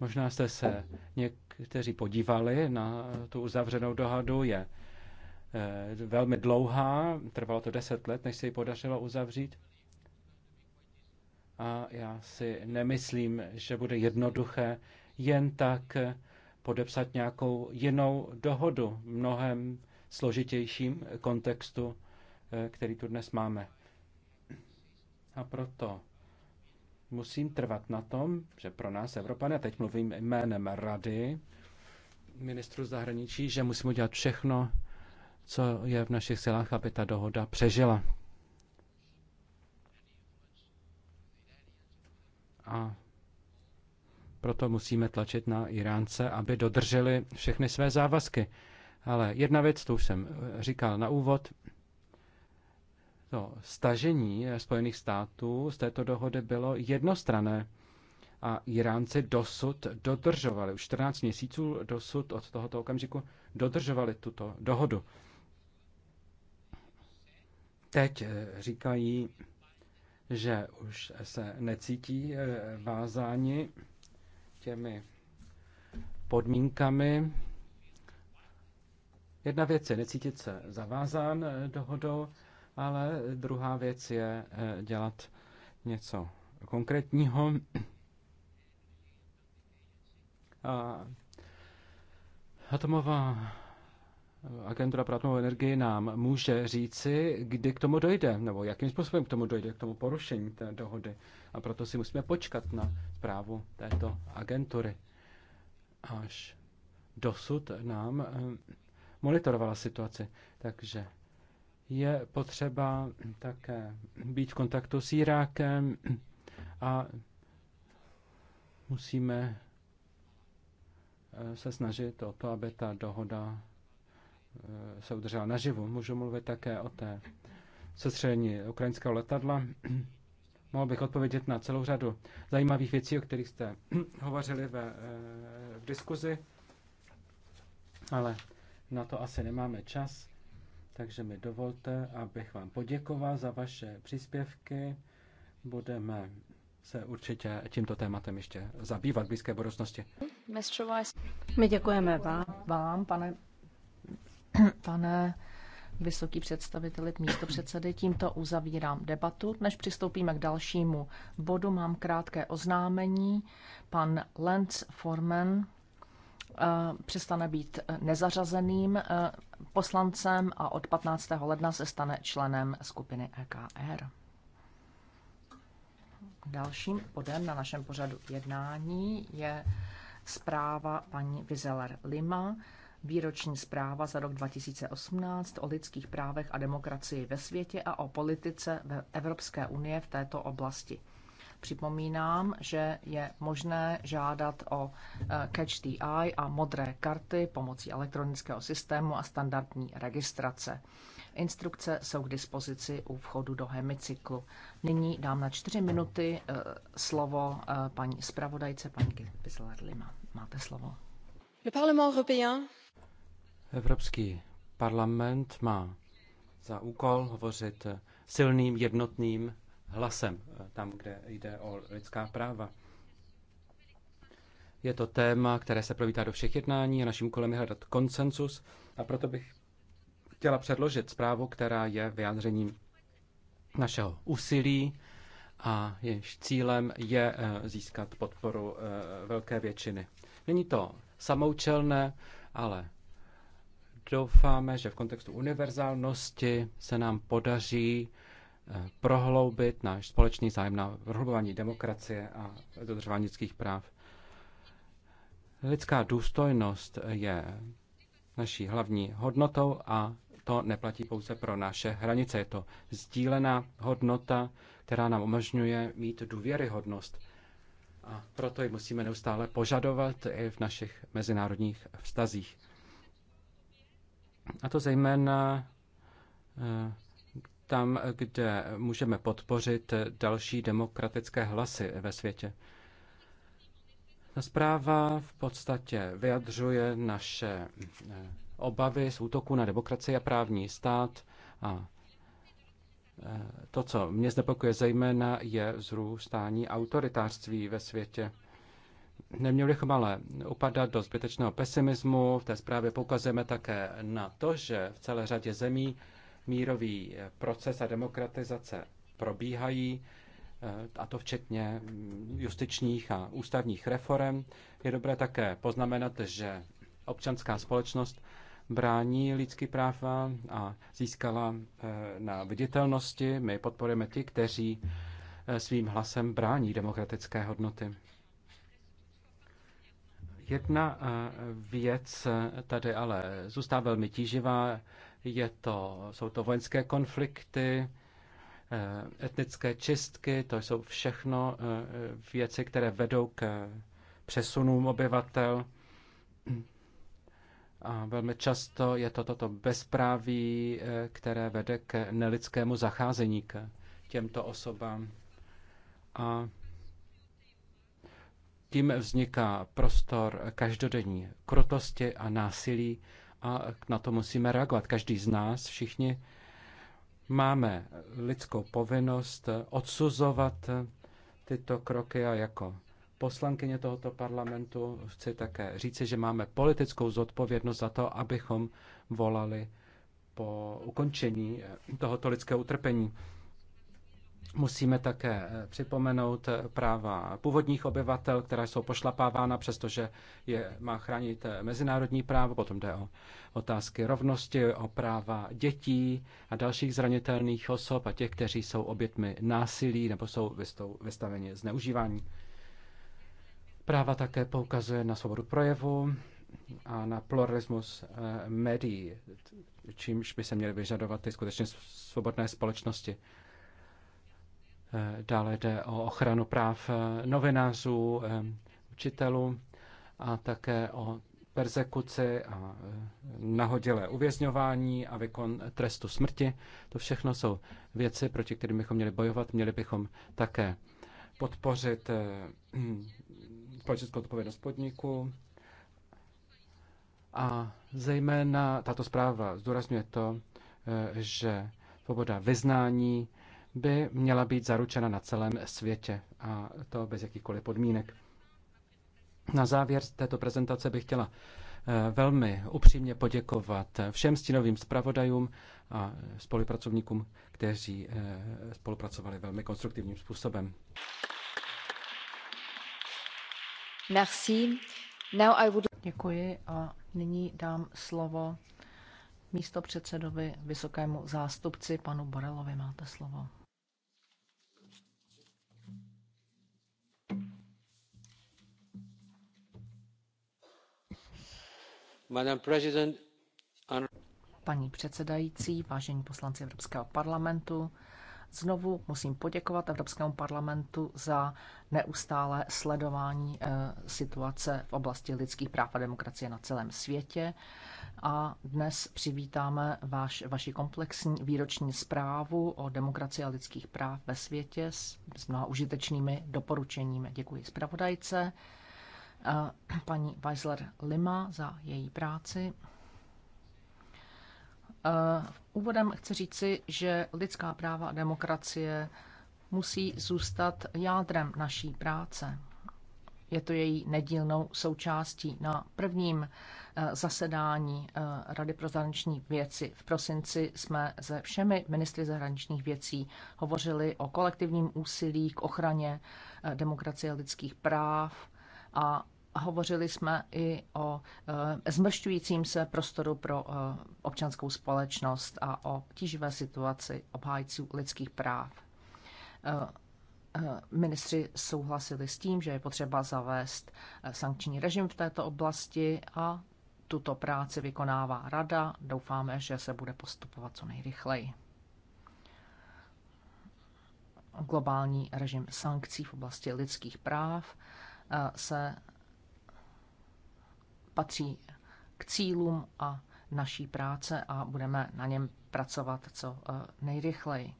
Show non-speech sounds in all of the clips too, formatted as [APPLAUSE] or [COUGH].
Možná jste se někteří podívali na tu uzavřenou dohodu. Je eh, velmi dlouhá, trvalo to deset let, než se ji podařilo uzavřít. A já si nemyslím, že bude jednoduché jen tak podepsat nějakou jinou dohodu v mnohem složitějším kontextu, eh, který tu dnes máme. A proto musím trvat na tom, že pro nás Evropany, a teď mluvím jménem Rady ministru zahraničí, že musíme udělat všechno, co je v našich silách, aby ta dohoda přežila. A proto musíme tlačit na Iránce, aby dodrželi všechny své závazky. Ale jedna věc, to už jsem říkal na úvod, to no, stažení Spojených států z této dohody bylo jednostrané a Iránci dosud dodržovali, už 14 měsíců dosud od tohoto okamžiku dodržovali tuto dohodu. Teď eh, říkají, že už se necítí eh, vázáni těmi podmínkami. Jedna věc je necítit se zavázán eh, dohodou, ale druhá věc je eh, dělat něco konkrétního. A atomová agentura pro atomovou energii nám může říci, kdy k tomu dojde, nebo jakým způsobem k tomu dojde, k tomu porušení té dohody. A proto si musíme počkat na zprávu této agentury. Až dosud nám eh, monitorovala situaci. Takže je potřeba také být v kontaktu s Irákem a musíme eh, se snažit o to, aby ta dohoda eh, se udržela naživu. Můžu mluvit také o té sestřelení ukrajinského letadla. [CLEARS THROAT] Mohl bych odpovědět na celou řadu zajímavých věcí, o kterých jste [CLEARS THROAT] hovořili ve, eh, v diskuzi, ale na to asi nemáme čas. Takže mi dovolte, abych vám poděkoval za vaše příspěvky. Budeme se určitě tímto tématem ještě zabývat v blízké budoucnosti. My děkujeme vám, vám pane, pane vysoký představiteli místo předsedy. Tímto uzavírám debatu. Než přistoupíme k dalšímu bodu, mám krátké oznámení. Pan Lenz Forman eh, přestane být nezařazeným eh, poslancem a od 15. ledna se stane členem skupiny EKR. Dalším bodem na našem pořadu jednání je zpráva paní Vizeler Lima, výroční zpráva za rok 2018 o lidských právech a demokracii ve světě a o politice Evropské unie v této oblasti. Připomínám, že je možné žádat o eh, Catch the Eye a modré karty pomocí elektronického systému a standardní registrace. Instrukce jsou k dispozici u vchodu do hemicyklu. Nyní dám na čtyři minuty eh, slovo eh, paní zpravodajce, paní Gisler-Lima. Máte slovo. Le Parlement européen. Evropský parlament má za úkol hovořit silným, jednotným hlasem eh, tam, kde jde o lidská práva. Je to téma, které se provítá do všech jednání a naším kolem je hledat konsensus a proto bych chtěla předložit zprávu, která je vyjádřením našeho úsilí a jejíž cílem je eh, získat podporu eh, velké většiny. Není to samoučelné, ale doufáme, že v kontextu univerzálnosti se nám podaří prohloubit náš společný zájem na prohlubování demokracie a dodržování lidských práv. Lidská důstojnost je naší hlavní hodnotou a to neplatí pouze pro naše hranice. Je to sdílená hodnota, která nám umožňuje mít důvěryhodnost. A proto ji musíme neustále požadovat i v našich mezinárodních vztazích. A to zejména eh, tam, kde můžeme podpořit další demokratické hlasy ve světě. Ta zpráva v podstatě vyjadřuje naše eh, obavy z útoku na demokracii a právní stát a eh, to, co mě znepokuje zejména, je zrůstání autoritářství ve světě. Neměli bychom ale upadat do zbytečného pesimismu. V té zprávě poukazujeme také na to, že v celé řadě zemí mírový eh, proces a demokratizace probíhají, eh, a to včetně mm, justičních a ústavních reform. Je dobré také poznamenat, že občanská společnost brání lidský práva a získala eh, na viditelnosti. My podporujeme ty, kteří svým hlasem brání demokratické hodnoty. Jedna věc tady ale zůstává velmi tíživá je to, jsou to vojenské konflikty, eh, etnické čistky, to jsou všechno eh, věci, které vedou k přesunům obyvatel. A velmi často je to toto bezpráví, eh, které vede k nelidskému zacházení k těmto osobám. A tím vzniká prostor každodenní krutosti a násilí a na to musíme reagovat. Každý z nás, všichni, máme lidskou povinnost odsuzovat tyto kroky a jako poslankyně tohoto parlamentu chci také říci, že máme politickou zodpovědnost za to, abychom volali po ukončení tohoto lidského utrpení. Musíme také eh, připomenout eh, práva původních obyvatel, která jsou pošlapávána, přestože je má chránit eh, mezinárodní právo. Potom jde o otázky rovnosti, o práva dětí a dalších zranitelných osob a těch, kteří jsou obětmi násilí nebo jsou vystaveni zneužívání. Práva také poukazuje na svobodu projevu a na pluralismus médií, čímž by se měly vyžadovat ty skutečně svobodné společnosti. Eh, dále jde o ochranu práv eh, novinářů, eh, učitelů a také o persekuci a nahodilé uvězňování a výkon trestu smrti. To všechno jsou věci, proti kterým bychom měli bojovat. Měli bychom také podpořit společenskou [CLEARS THROAT] odpovědnost podniku. A zejména tato zpráva zdůrazňuje to, že svoboda vyznání by měla být zaručena na celém světě a to bez jakýchkoliv podmínek. Na závěr této prezentace bych chtěla eh, velmi upřímně poděkovat všem stínovým zpravodajům a spolupracovníkům, kteří eh, spolupracovali velmi konstruktivním způsobem. Merci. Now I would... Děkuji a nyní dám slovo místo předsedovi vysokému zástupci panu Borelovi. Máte slovo. Paní předsedající, vážení poslanci Evropského parlamentu, znovu musím poděkovat Evropskému parlamentu za neustále sledování eh, situace v oblasti lidských práv a demokracie na celém světě. A dnes přivítáme váš, vaši komplexní výroční zprávu o demokracii a lidských práv ve světě s, s mnoha užitečnými doporučeními. Děkuji zpravodajce paní Weisler Lima za její práci. V e, úvodem chci říci, že lidská práva a demokracie musí zůstat jádrem naší práce. Je to její nedílnou součástí. Na prvním e, zasedání e, Rady pro zahraniční věci v prosinci jsme se všemi ministry zahraničních věcí hovořili o kolektivním úsilí k ochraně demokracie a lidských práv a hovořili jsme i o e, zmršťujícím se prostoru pro e, občanskou společnost a o tíživé situaci obhájců lidských práv. E, ministři souhlasili s tím, že je potřeba zavést sankční režim v této oblasti a tuto práci vykonává rada. Doufáme, že se bude postupovat co nejrychleji. Globální režim sankcí v oblasti lidských práv se patří k cílům a naší práce a budeme na něm pracovat co eh, nejrychleji.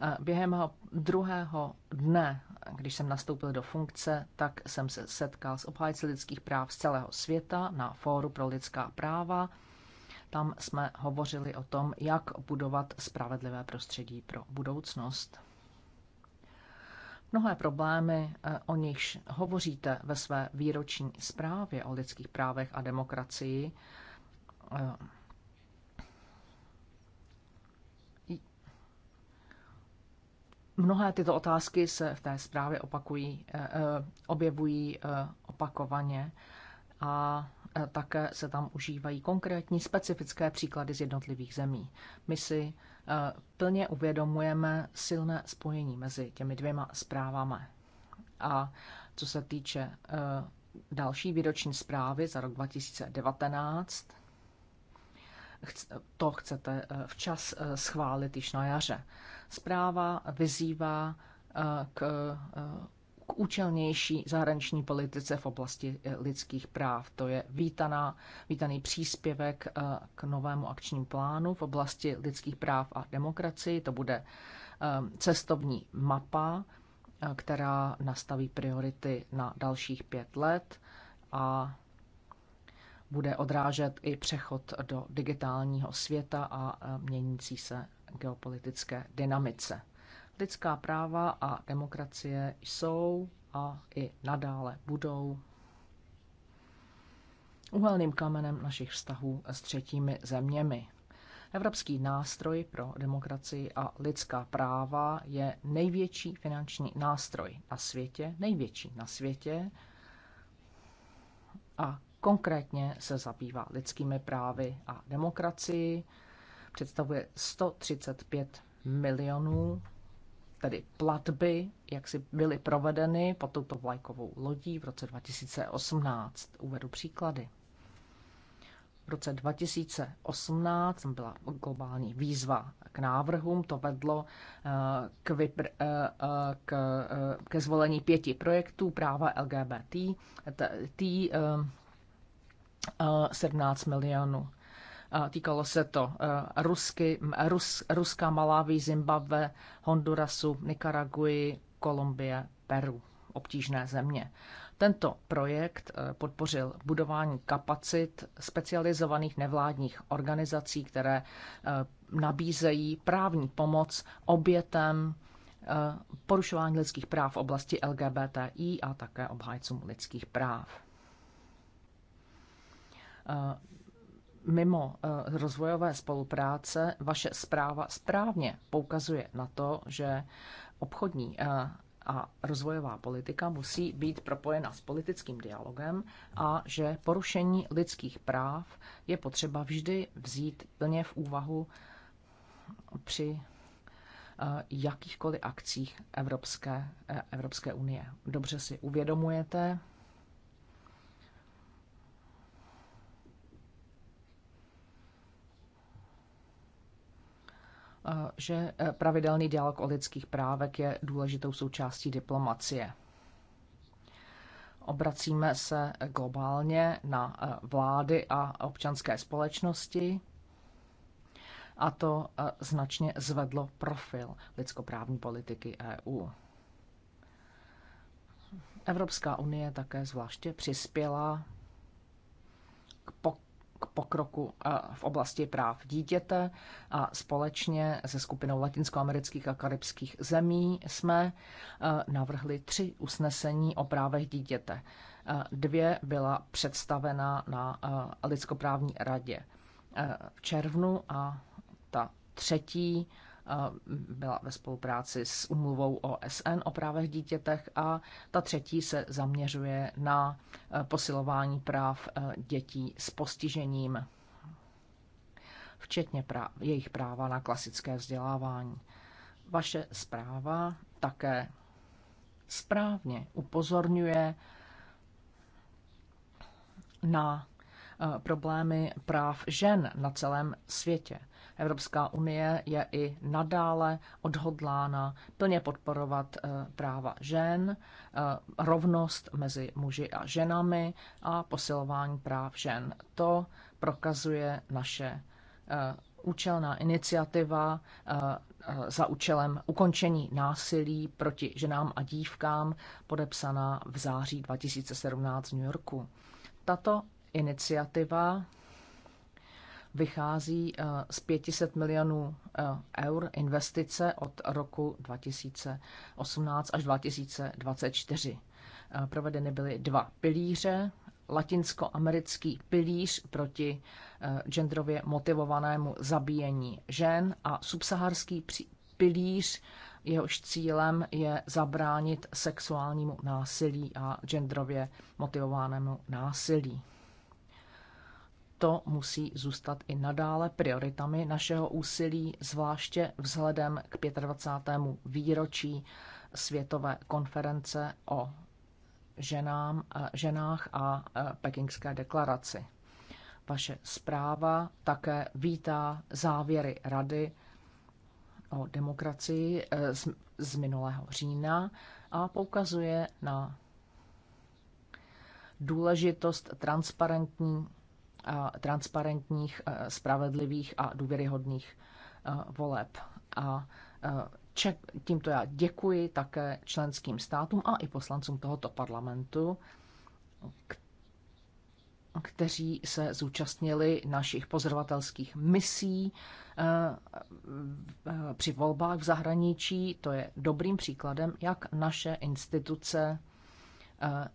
Eh, během druhého dne, když jsem nastoupil do funkce, tak jsem se setkal s obhájci lidských práv z celého světa na Fóru pro lidská práva. Tam jsme hovořili o tom, jak budovat spravedlivé prostředí pro budoucnost. Mnohé problémy, eh, o nichž hovoříte ve své výroční zprávě o lidských právech a demokracii, eh, Mnohé tyto otázky se v té zprávě opakují, eh, objevují opakovaně a také se tam užívají konkrétní specifické příklady z jednotlivých zemí. My si Eh, plně uvědomujeme silné spojení mezi těmi dvěma zprávami. A co se týče eh, další výroční zprávy za rok 2019, to chcete eh, včas schválit již na jaře. Zpráva vyzývá k k účelnější zahraniční politice v oblasti eh, lidských práv. To je vítaná, vítaný příspěvek eh, k novému akčnímu plánu v oblasti lidských práv a demokracii. To bude ehm, cestovní mapa, eh, která nastaví priority na dalších pět let a bude odrážet i přechod do digitálního světa a měnící se geopolitické dynamice. Lidská práva a demokracie jsou a i nadále budou uhelným kamenem našich vztahů s třetími zeměmi. Evropský nástroj pro demokracii a lidská práva je největší finanční nástroj na světě, největší na světě a konkrétně se zabývá lidskými právy a demokracii. Představuje 135 milionů tedy platby, jak si byly provedeny pod touto vlajkovou lodí v roce 2018. Uvedu příklady. V roce 2018 byla globální výzva k návrhům, to vedlo eh, k, vypr, eh, eh, k, ke zvolení pěti projektů práva LGBT, t, t, 17 milionů Týkalo se to eh, Rusky, Rus, Ruska, Malávy, Zimbabwe, Hondurasu, Nikaraguji, Kolumbie, Peru. Obtížné země. Tento projekt eh, podpořil budování kapacit specializovaných nevládních organizací, které eh, nabízejí právní pomoc obětem porušování lidských práv v oblasti LGBTI a také obhájcům lidských práv mimo eh, rozvojové spolupráce vaše zpráva správně poukazuje na to, že obchodní eh, a rozvojová politika musí být propojena s politickým dialogem a že porušení lidských práv je potřeba vždy vzít plně v úvahu při eh, jakýchkoliv akcích Evropské, Evropské unie. Dobře si uvědomujete, že eh, pravidelný dialog o lidských právech je důležitou součástí diplomacie. Obracíme se globálně na eh, vlády a občanské společnosti a to eh, značně zvedlo profil lidskoprávní politiky EU. Evropská unie také zvláště přispěla k, k pokroku eh, v oblasti práv dítěte a společně se skupinou latinskoamerických a karibských zemí jsme eh, navrhli tři usnesení o právech dítěte. Eh, dvě byla představena na lidskoprávní radě v červnu a ta třetí byla ve spolupráci s umluvou OSN o právech dítětech a ta třetí se zaměřuje na posilování práv dětí s postižením, včetně práv, jejich práva na klasické vzdělávání. Vaše zpráva také správně upozorňuje na problémy práv žen na celém světě. Evropská unie je i nadále odhodlána plně podporovat eh, práva žen, eh, rovnost mezi muži a ženami a posilování práv žen. To prokazuje naše eh, účelná iniciativa za účelem ukončení násilí proti ženám a dívkám, podepsaná v září 2017 v New Yorku. Tato iniciativa vychází eh, z 500 milionů eh, eur investice od roku 2018 až 2024. Eh, provedeny byly dva pilíře. Latinskoamerický pilíř proti genderově motivovanému zabíjení žen a subsaharský pilíř jehož cílem je zabránit sexuálnímu násilí a genderově motivovanému násilí to musí zůstat i nadále prioritami našeho úsilí, zvláště vzhledem k 25. výročí Světové konference o ženám, eh, ženách a eh, Pekingské deklaraci. Vaše zpráva také vítá závěry Rady o demokracii eh, z, z minulého října a poukazuje na důležitost transparentní transparentních, spravedlivých a důvěryhodných voleb. A tímto já děkuji také členským státům a i poslancům tohoto parlamentu, kteří se zúčastnili našich pozorovatelských misí při volbách v zahraničí. To je dobrým příkladem, jak naše instituce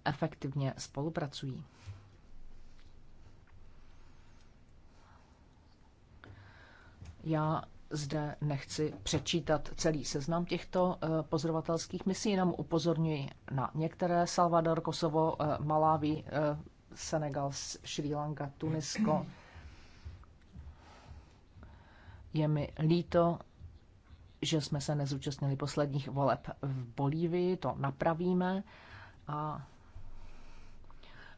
efektivně spolupracují. Já zde nechci přečítat celý seznam těchto eh, pozorovatelských misí, jenom upozorňuji na některé. Salvador, Kosovo, eh, Malawi, eh, Senegal, Sri Lanka, Tunisko. Je mi líto, že jsme se nezúčastnili posledních voleb v Bolívii, to napravíme a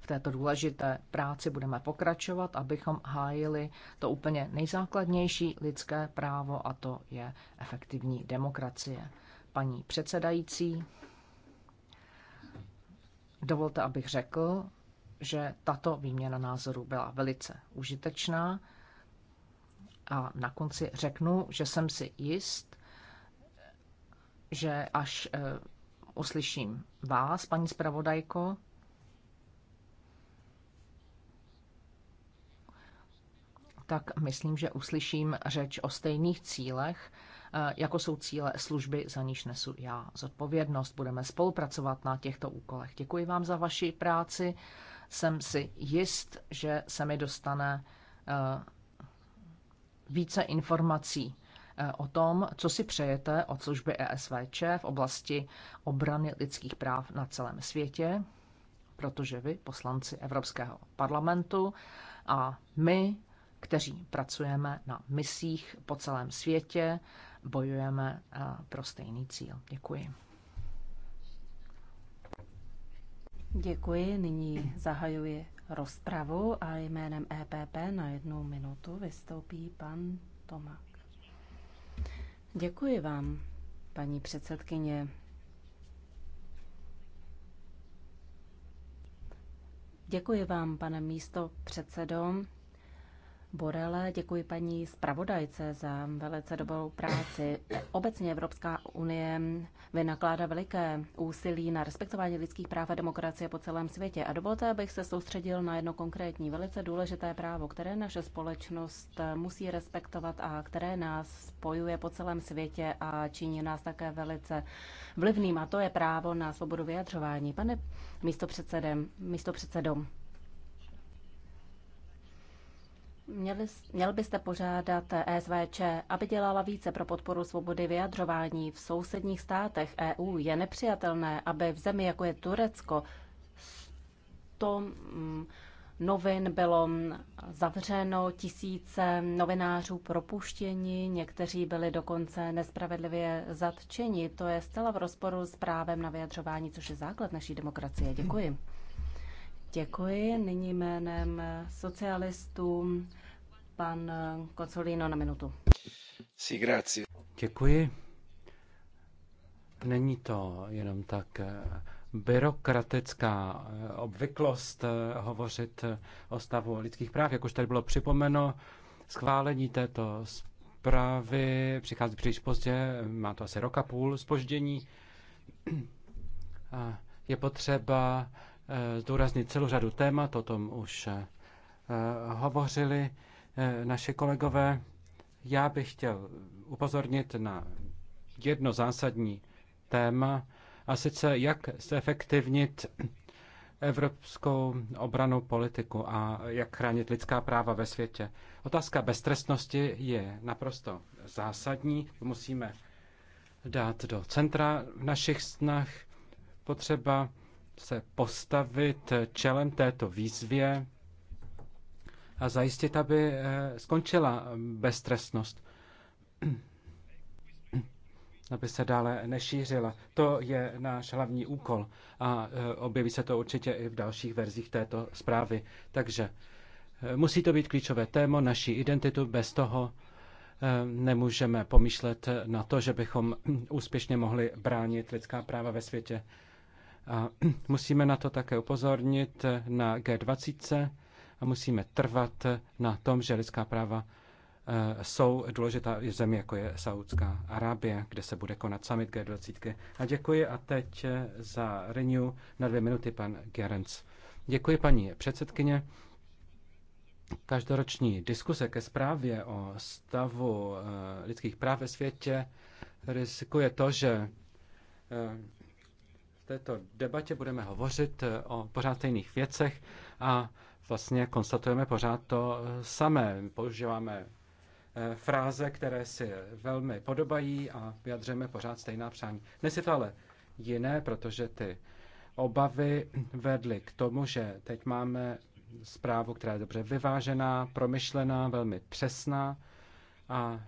této důležité práci budeme pokračovat, abychom hájili to úplně nejzákladnější lidské právo, a to je efektivní demokracie. Paní předsedající, dovolte, abych řekl, že tato výměna názorů byla velice užitečná. A na konci řeknu, že jsem si jist, že až eh, uslyším vás, paní zpravodajko, tak myslím, že uslyším řeč o stejných cílech, eh, jako jsou cíle služby, za níž nesu já zodpovědnost. Budeme spolupracovat na těchto úkolech. Děkuji vám za vaši práci. Jsem si jist, že se mi dostane eh, více informací eh, o tom, co si přejete od služby ESVČ v oblasti obrany lidských práv na celém světě, protože vy, poslanci Evropského parlamentu, a my kteří pracujeme na misích po celém světě, bojujeme eh, pro stejný cíl. Děkuji. Děkuji. Nyní zahajuji rozpravu a jménem EPP na jednu minutu vystoupí pan Tomak. Děkuji vám, paní předsedkyně. Děkuji vám, pane místo předsedom. Borele. Děkuji paní zpravodajce za velice dobrou práci. Obecně Evropská unie vynakládá veliké úsilí na respektování lidských práv a demokracie po celém světě. A dovolte, abych se soustředil na jedno konkrétní, velice důležité právo, které naše společnost musí respektovat a které nás spojuje po celém světě a činí nás také velice vlivným. A to je právo na svobodu vyjadřování. Pane místopředsedem, místopředsedom, Měli, měl byste pořádat ESVČ, aby dělala více pro podporu svobody vyjadřování v sousedních státech EU. Je nepřijatelné, aby v zemi, jako je Turecko, to mm, novin bylo zavřeno, tisíce novinářů propuštěni, někteří byli dokonce nespravedlivě zatčeni. To je zcela v rozporu s právem na vyjadřování, což je základ naší demokracie. Děkuji. Děkuji. Nyní jménem socialistů pan Kocolino na minutu. Si, grazie. Děkuji. Není to jenom tak eh, byrokratická eh, obvyklost eh, hovořit o stavu lidských práv, jak už tady bylo připomeno, schválení této zprávy přichází příliš pozdě, má to asi roka půl spoždění. [CLEARS THROAT] Je potřeba Eh, zdůraznit celou řadu témat, o tom už eh, hovořili eh, naše kolegové. Já bych chtěl upozornit na jedno zásadní téma, a sice jak zefektivnit evropskou obranou politiku a jak chránit lidská práva ve světě. Otázka beztrestnosti je naprosto zásadní. Musíme dát do centra v našich snah potřeba se postavit čelem této výzvě a zajistit, aby eh, skončila beztrestnost, [CLEARS THROAT] aby se dále nešířila. To je náš hlavní úkol a eh, objeví se to určitě i v dalších verzích této zprávy. Takže eh, musí to být klíčové téma, naší identitu, bez toho nemůžeme pomýšlet na to, že bychom [CLEARS THROAT] úspěšně mohli bránit lidská práva ve světě. A [CLEARS THROAT] musíme na to také upozornit na G20 a musíme trvat na tom, že lidská práva eh, jsou důležitá i země zemi, jako je Saudská Arábie, kde se bude konat summit G20. A děkuji a teď eh, za Renew na dvě minuty pan Gerenc. Děkuji paní předsedkyně. Každoroční diskuse ke zprávě o stavu eh, lidských práv ve světě riskuje to, že této debatě budeme hovořit eh, o pořád stejných věcech a vlastně konstatujeme pořád to eh, samé. Používáme eh, fráze, které si velmi podobají a vyjadřujeme pořád stejná přání. Dnes je to ale jiné, protože ty obavy vedly k tomu, že teď máme zprávu, která je dobře vyvážená, promyšlená, velmi přesná a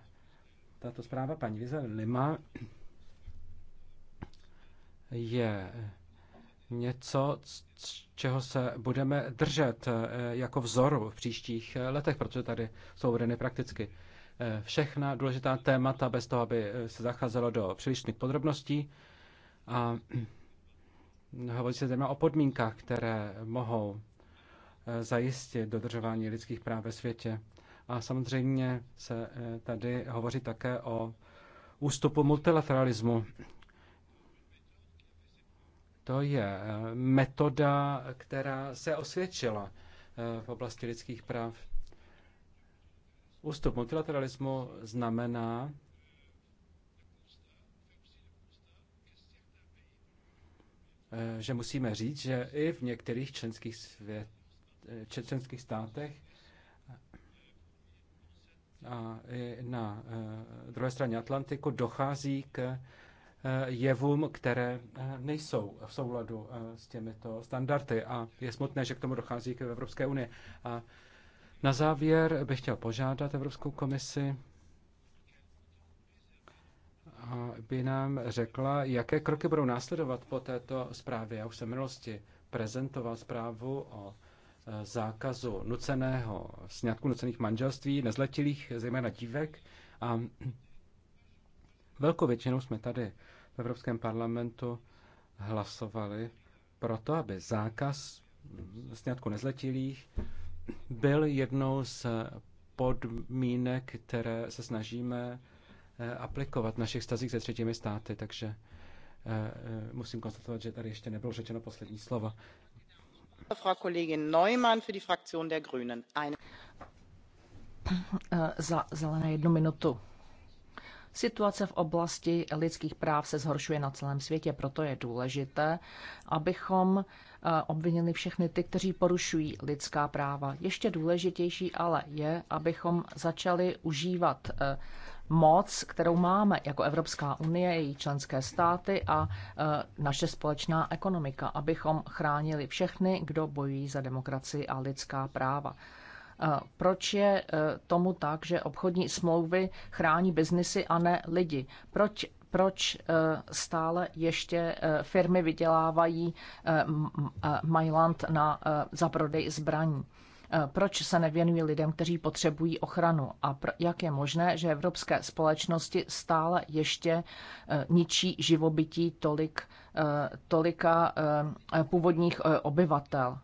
tato zpráva paní Vizel Lima je něco, z čeho se budeme držet eh, jako vzoru v příštích eh, letech, protože tady jsou uvedeny prakticky eh, všechna důležitá témata, bez toho, aby se zacházelo do přílišných podrobností. A [CLEARS THROAT] hovoří se zejména o podmínkách, které mohou zajistit dodržování lidských práv ve světě. A samozřejmě se tady hovoří také o ústupu multilateralismu to je eh, metoda, která se osvědčila eh, v oblasti lidských práv. Ústup multilateralismu znamená, eh, že musíme říct, že i v některých členských, svět, členských státech a i na druhé straně Atlantiku dochází k Eh, jevům, které eh, nejsou v souladu eh, s těmito standardy. A je smutné, že k tomu dochází k Evropské unii. A na závěr bych chtěl požádat Evropskou komisi, aby nám řekla, jaké kroky budou následovat po této zprávě. Já už jsem v minulosti prezentoval zprávu o zákazu nuceného sňatku nucených manželství nezletilých, zejména dívek. A Velkou většinou jsme tady v Evropském parlamentu hlasovali pro to, aby zákaz sňatku nezletilých byl jednou z podmínek, které se snažíme eh, aplikovat v našich stazích se třetími státy, takže eh, eh, musím konstatovat, že tady ještě nebylo řečeno poslední slovo. Frau Kollegin Neumann für die Fraktion der Grünen. Eine... Za zelené jednu minutu. Situace v oblasti lidských práv se zhoršuje na celém světě, proto je důležité, abychom eh, obvinili všechny ty, kteří porušují lidská práva. Ještě důležitější ale je, abychom začali užívat eh, moc, kterou máme jako Evropská unie, její členské státy a eh, naše společná ekonomika, abychom chránili všechny, kdo bojují za demokracii a lidská práva. Eh, proč je eh, tomu tak, že obchodní smlouvy chrání biznesy a ne lidi? Proč proč eh, stále ještě firmy vydělávají Mailand na, zaprodej zbraní. Proč se nevěnují lidem, kteří potřebují ochranu? A jak je možné, že evropské společnosti stále ještě ničí živobytí tolik, tolika původních obyvatel?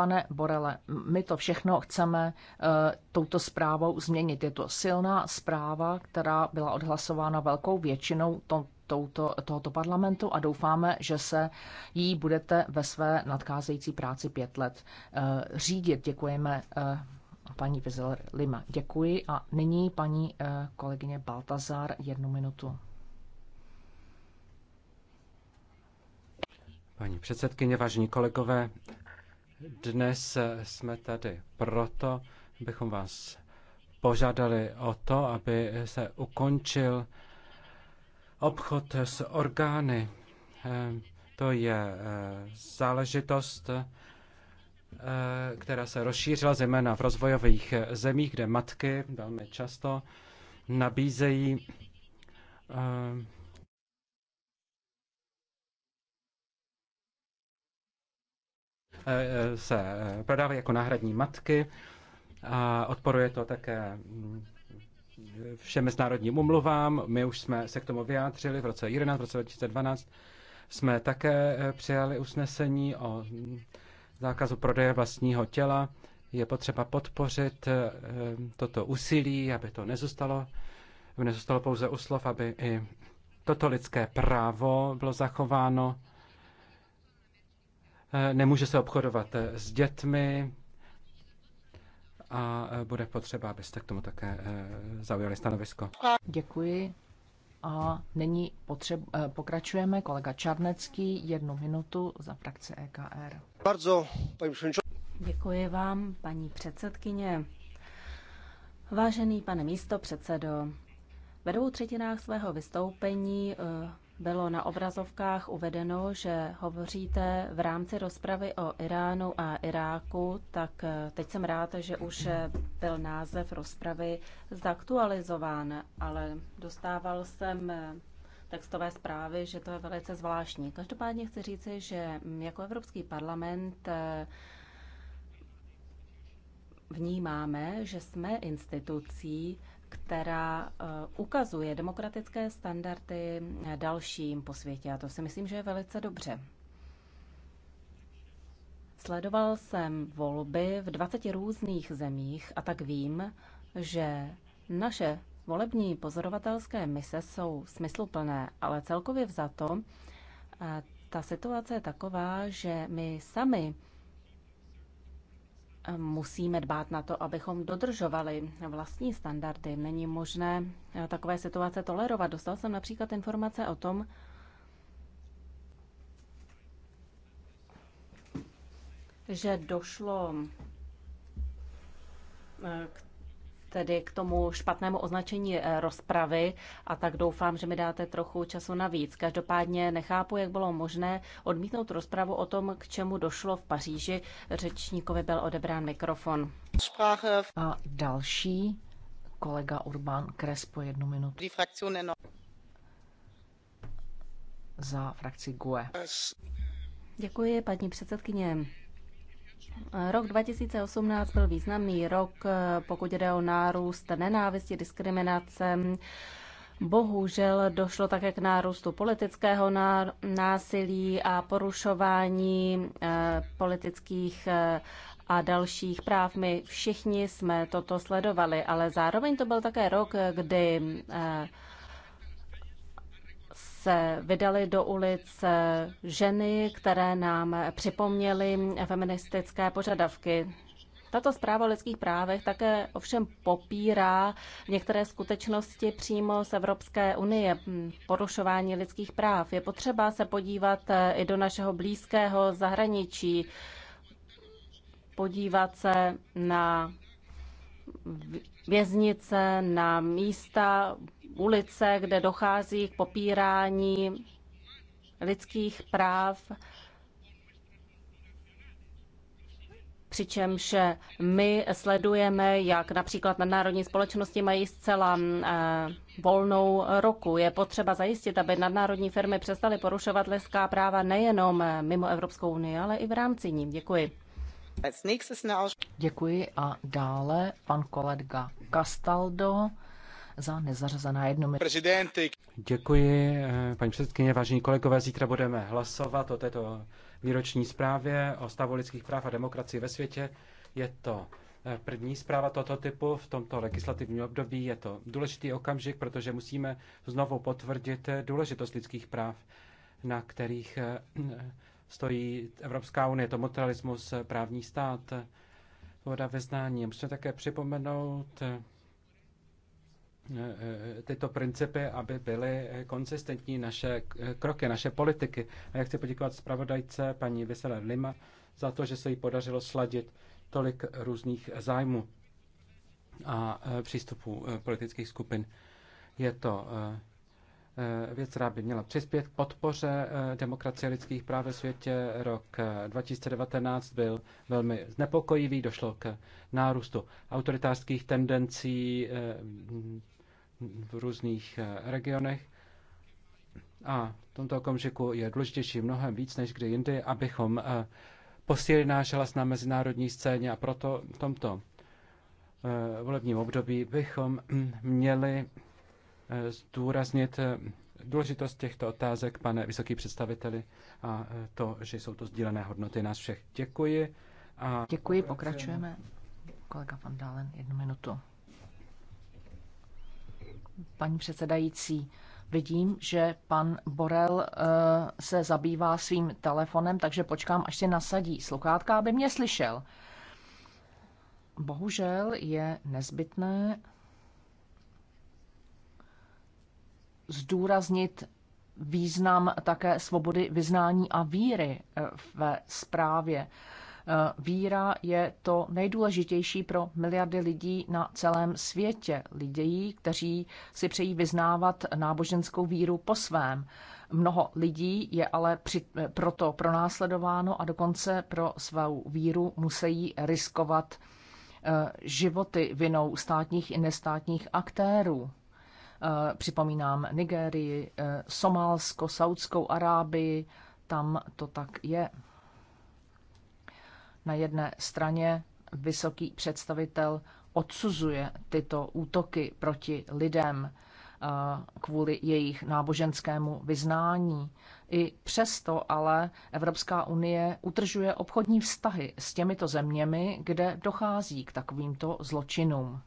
Pane Borele, my to všechno chceme e, touto zprávou změnit. Je to silná zpráva, která byla odhlasována velkou většinou to, touto, tohoto parlamentu a doufáme, že se jí budete ve své nadcházející práci pět let e, řídit. Děkujeme e, paní Vizel Lima. Děkuji a nyní paní kolegyně Baltazar jednu minutu. Paní předsedkyně, vážení kolegové, dnes jsme tady proto, bychom vás požádali o to, aby se ukončil obchod s orgány. Eh, to je eh, záležitost, eh, která se rozšířila zejména v rozvojových zemích, kde matky velmi často nabízejí Eh, se eh, prodávají jako náhradní matky a odporuje to také mm, všem mezinárodním umluvám. My už jsme se k tomu vyjádřili v roce 2011, v roce 2012 jsme také eh, přijali usnesení o mm, zákazu prodeje vlastního těla. Je potřeba podpořit toto úsilí, aby to nezůstalo, aby nezůstalo pouze u slov, aby i toto lidské právo bylo zachováno Eh, nemůže se obchodovat eh, s dětmi a eh, bude potřeba, abyste k tomu také zaujali stanovisko. Děkuji. A nyní potřeb, pokračujeme. Kolega Čarnecký, jednu minutu za frakce EKR. Bardzo, paní Děkuji vám, paní předsedkyně. Vážený pane místo předsedo, ve dvou třetinách svého vystoupení bylo na obrazovkách uvedeno, že hovoříte v rámci rozpravy o Iránu a Iráku, tak eh, teď jsem rád, že už eh, byl název rozpravy zaktualizován, ale dostával jsem eh, textové zprávy, že to je velice zvláštní. Každopádně chci říci, že mm, jako Evropský parlament vnímáme, že jsme institucí, která eh, ukazuje demokratické standardy eh, dalším po světě. A to si myslím, že je velice dobře. Sledoval jsem volby v 20 různých zemích a tak vím, že naše volební pozorovatelské mise jsou smysluplné, ale celkově vzato eh, ta situace je taková, že my sami musíme dbát na to, abychom dodržovali vlastní standardy. Není možné eh, takové situace tolerovat. Dostal jsem například informace o tom, že došlo eh, k tedy k tomu špatnému označení eh, rozpravy a tak doufám, že mi dáte trochu času navíc. Každopádně nechápu, jak bylo možné odmítnout rozpravu o tom, k čemu došlo v Paříži. Řečníkovi byl odebrán mikrofon. A další kolega Kres Krespo jednu minutu. Za frakci GUE. Děkuji, paní předsedkyně. Rok 2018 byl významný rok, eh, pokud jde o nárůst nenávisti, diskriminace. Bohužel došlo také k nárůstu politického násilí a porušování eh, politických eh, a dalších práv. My všichni jsme toto sledovali, ale zároveň to byl také rok, kdy se vydali do ulic ženy, které nám připomněly feministické požadavky. Tato zpráva o lidských právech také ovšem popírá některé skutečnosti přímo z Evropské unie, porušování lidských práv. Je potřeba se podívat eh, i do našeho blízkého zahraničí, podívat se na věznice, na místa ulice, kde dochází k popírání lidských práv, přičemž my sledujeme, jak například nadnárodní společnosti mají zcela eh, volnou roku. Je potřeba zajistit, aby nadnárodní firmy přestaly porušovat lidská práva nejenom mimo Evropskou unii, ale i v rámci ní. Děkuji. Děkuji a dále pan kolega Castaldo za nezařazená jednu Děkuji, eh, paní předsedkyně, vážení kolegové. Zítra budeme hlasovat o této výroční zprávě o stavu lidských práv a demokracii ve světě. Je to eh, první zpráva tohoto typu v tomto legislativním období. Je to důležitý okamžik, protože musíme znovu potvrdit eh, důležitost lidských práv, na kterých stojí Evropská unie, to materialismus, právní stát, svoboda vyznání. Musíme také připomenout Eh, eh, tyto principy, aby byly eh, konsistentní naše kroky, naše politiky. A já chci poděkovat zpravodajce paní Veselé Lima za to, že se jí podařilo sladit tolik různých zájmů a přístupů politických skupin. Je to věc, která by měla přispět k podpoře demokracie lidských práv ve světě. Rok 2019 byl velmi znepokojivý, došlo k nárůstu autoritářských tendencí, v různých eh, regionech. A v tomto okamžiku je důležitější mnohem víc než kdy jindy, abychom eh, posílili náš hlas na mezinárodní scéně a proto v tomto eh, volebním období bychom hm, měli zdůraznit důležitost těchto otázek, pane vysoký představiteli, a to, že jsou to sdílené hodnoty nás všech. Děkuji. A... Děkuji, pokračujeme. Kolega Van Dalen, jednu minutu paní předsedající. Vidím, že pan Borel eh, se zabývá svým telefonem, takže počkám, až si nasadí sluchátka, aby mě slyšel. Bohužel je nezbytné zdůraznit význam také svobody vyznání a víry eh, ve zprávě. Eh, víra je to nejdůležitější pro miliardy lidí na celém světě, lidí, kteří si přejí vyznávat náboženskou víru po svém. Mnoho lidí je ale při, eh, proto pronásledováno a dokonce pro svou víru musí riskovat eh, životy vinou státních i nestátních aktérů. Připomínám Nigérii, Somálsko, Saudskou Arábii, tam to tak je. Na jedné straně vysoký představitel odsuzuje tyto útoky proti lidem eh, kvůli jejich náboženskému vyznání. I přesto ale Evropská unie utržuje obchodní vztahy s těmito zeměmi, kde dochází k takovýmto zločinům.